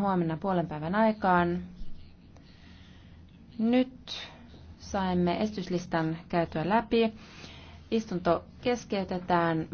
huomenna puolen päivän aikaan. Nyt saimme estyslistan käytyä läpi. Istunto keskeytetään.